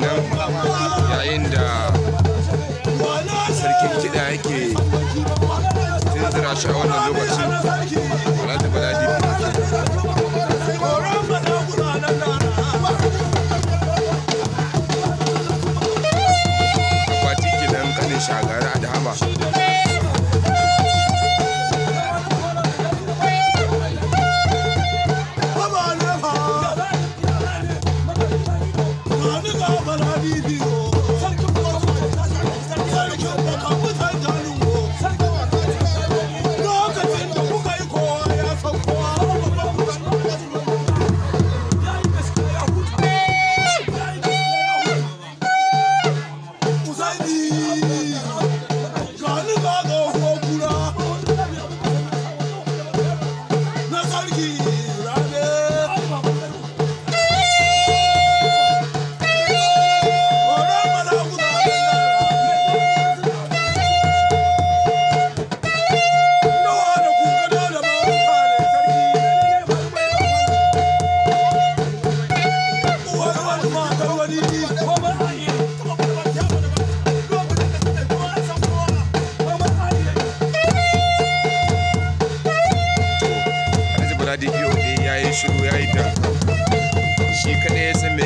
kenan yayin da sarkin kiɗa yake tunzura shi a wannan lokaci da baladi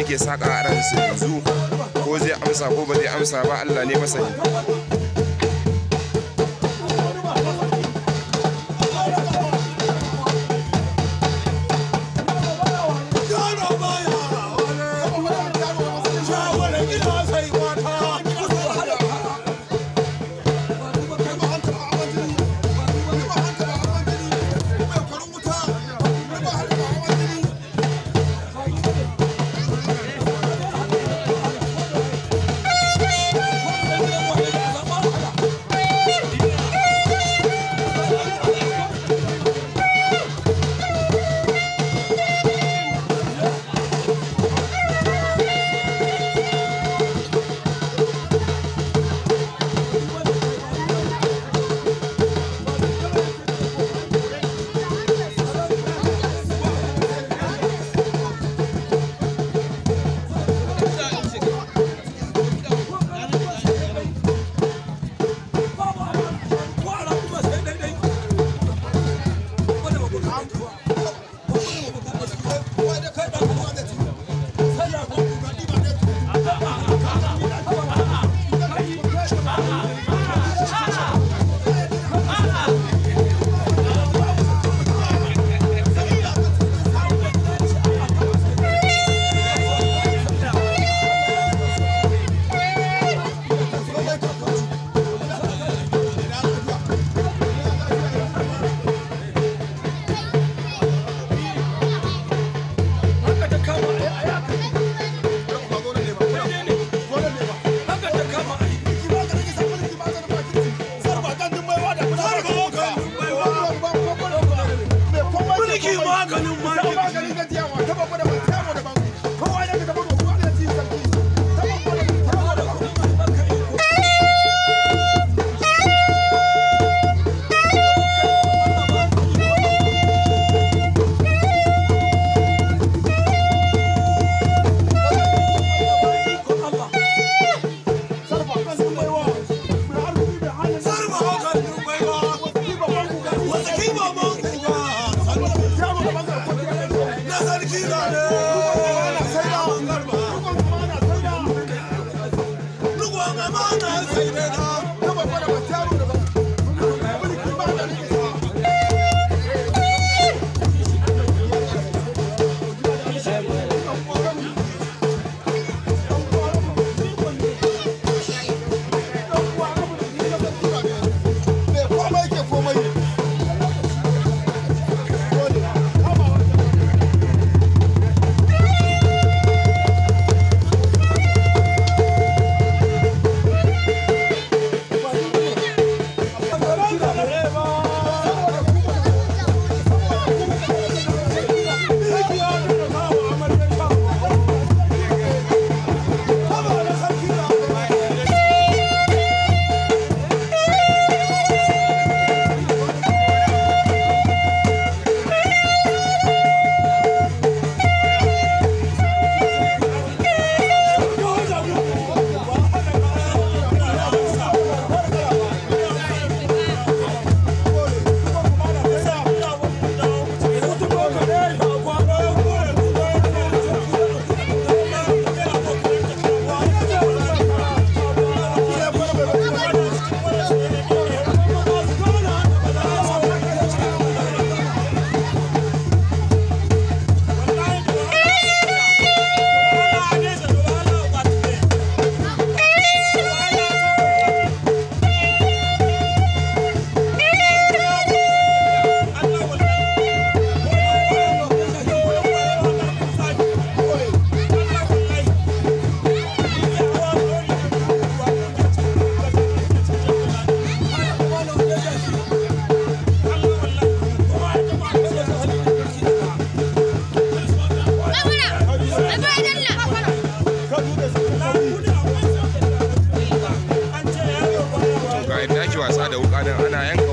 yake saka a ransu yanzu ko zai amsa ko ba zai amsa ba Allah ne masani yadda ake wasa da wuƙa nan ana yanka